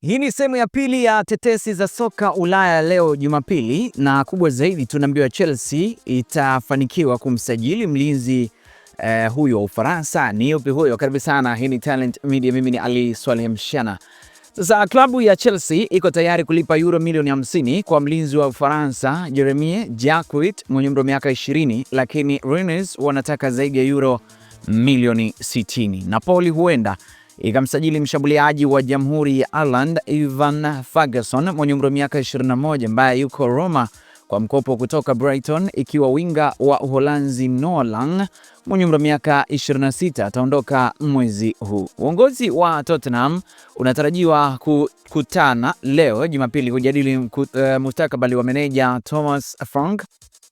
Hii ni sehemu ya pili ya tetesi za soka Ulaya leo Jumapili, na kubwa zaidi tunaambiwa Chelsea itafanikiwa kumsajili mlinzi eh, huyo wa Ufaransa. Ni yupi huyo? Karibu sana, hii ni Talent Media, mimi ni Ali Swaleh Mshana. Sasa klabu ya Chelsea iko tayari kulipa euro milioni 50 kwa mlinzi wa Ufaransa Jeremie Jacquet mwenye umri wa miaka 20, lakini Rennes wanataka zaidi ya euro milioni 60. Napoli huenda ikamsajili mshambuliaji wa Jamhuri ya Ireland Ivan Ferguson mwenye umri wa miaka 21 ambaye yuko Roma kwa mkopo kutoka Brighton, ikiwa winga wa Uholanzi Nolang mwenye umri wa miaka 26 ataondoka mwezi huu. Uongozi wa Tottenham unatarajiwa kukutana leo Jumapili kujadili eh, mustakabali wa meneja Thomas Frank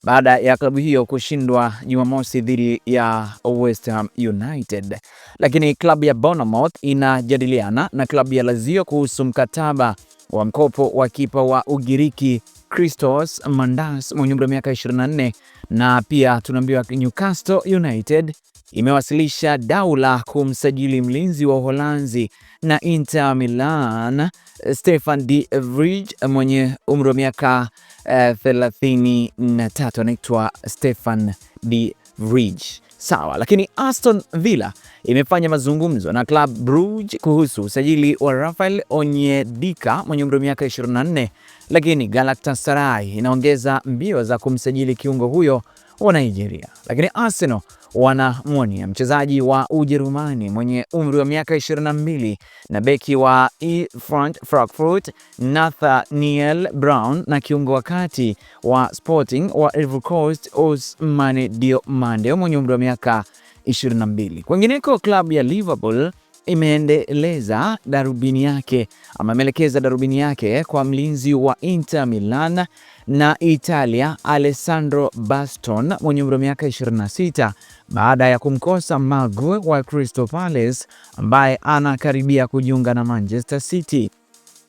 baada ya klabu hiyo kushindwa Jumamosi dhidi ya West Ham United. Lakini klabu ya Bournemouth inajadiliana na klabu ya Lazio kuhusu mkataba wa mkopo wa kipa wa Ugiriki Christos Mandas mwenye umri wa miaka 24 na pia tunaambiwa Newcastle United imewasilisha dau la kumsajili mlinzi wa Uholanzi na Inter Milan Stefan de Vrij mwenye umri wa miaka 33 eh, anaitwa Stefan de Vrij sawa, lakini Aston Villa imefanya mazungumzo na Club Brugge kuhusu usajili wa rafael Onyedika mwenye umri wa miaka 24, lakini Galatasaray inaongeza mbio za kumsajili kiungo huyo wa Nigeria, lakini Arsenal Wanamuonia mchezaji wa Ujerumani mwenye umri wa miaka 22 na beki wa Eintracht Frankfurt Nathaniel Brown na kiungo wa kati wa Sporting wa Ivory Coast Ousmane Diomande mwenye umri wa miaka 22. Kwingineko, klabu ya Liverpool imeendeleza darubini yake ama imeelekeza darubini yake kwa mlinzi wa Inter Milan na Italia Alessandro Baston mwenye umri wa miaka 26 baada ya kumkosa Magu wa Crystal Palace ambaye anakaribia kujiunga na Manchester City.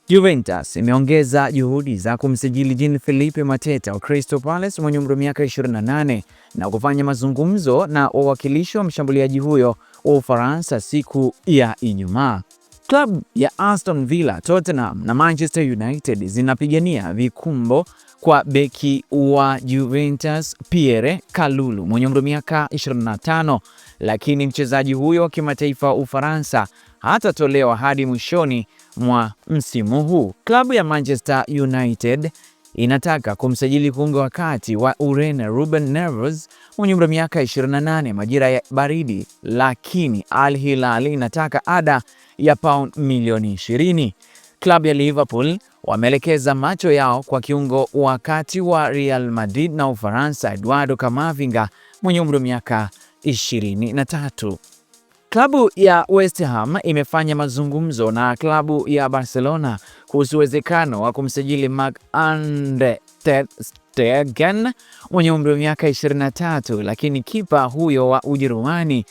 Juventus imeongeza juhudi za kumsajili Jean Philippe Mateta wa Crystal Palace mwenye umri wa miaka 28 na kufanya mazungumzo na wawakilishi wa mshambuliaji huyo wa Ufaransa siku ya Ijumaa. Klabu ya Aston Villa, Tottenham na Manchester United zinapigania vikumbo kwa beki wa Juventus Pierre Kalulu mwenye umri wa miaka 25, lakini mchezaji huyo wa kimataifa wa Ufaransa hatatolewa hadi mwishoni mwa msimu huu. Klabu ya Manchester United inataka kumsajili kiungo wa kati wa Ureno Ruben Neves mwenye umri wa miaka 28 majira ya baridi, lakini Al Hilal inataka ada ya pound milioni 20. Klabu ya Liverpool wameelekeza macho yao kwa kiungo wa kati wa Real Madrid na Ufaransa Eduardo Camavinga mwenye umri wa miaka 23. Klabu ya West Ham imefanya mazungumzo na klabu ya Barcelona kuhusu uwezekano wa kumsajili Marc-Andre ter Stegen mwenye umri wa miaka 23, lakini kipa huyo wa Ujerumani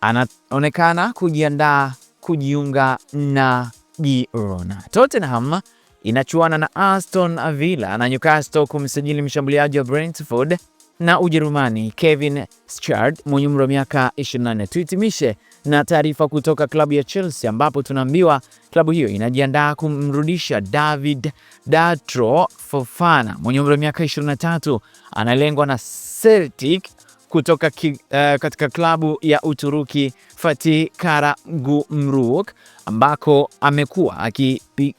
anaonekana kujiandaa kujiunga na Girona. Tottenham inachuana na Aston Villa na Newcastle kumsajili mshambuliaji wa Brentford na Ujerumani Kevin schard mwenye umri wa miaka 24 Tuhitimishe na taarifa kutoka klabu ya Chelsea ambapo tunaambiwa klabu hiyo inajiandaa kumrudisha David Datro Fofana mwenye umri wa miaka 23, analengwa na Celtic kutoka ki, uh, katika klabu ya Uturuki Fatih Karagümrük ambako amekuwa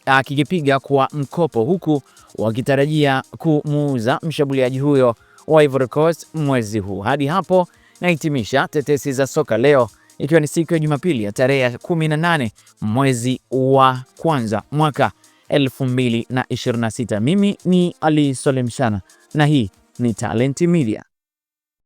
akikipiga kwa mkopo huku wakitarajia kumuuza mshambuliaji huyo wa Ivory Coast mwezi huu. Hadi hapo nahitimisha tetesi za soka leo, ikiwa ni siku ya Jumapili ya tarehe ya 18 mwezi wa kwanza mwaka 2026. Mimi ni Ali Solemshana na hii ni Talent Media.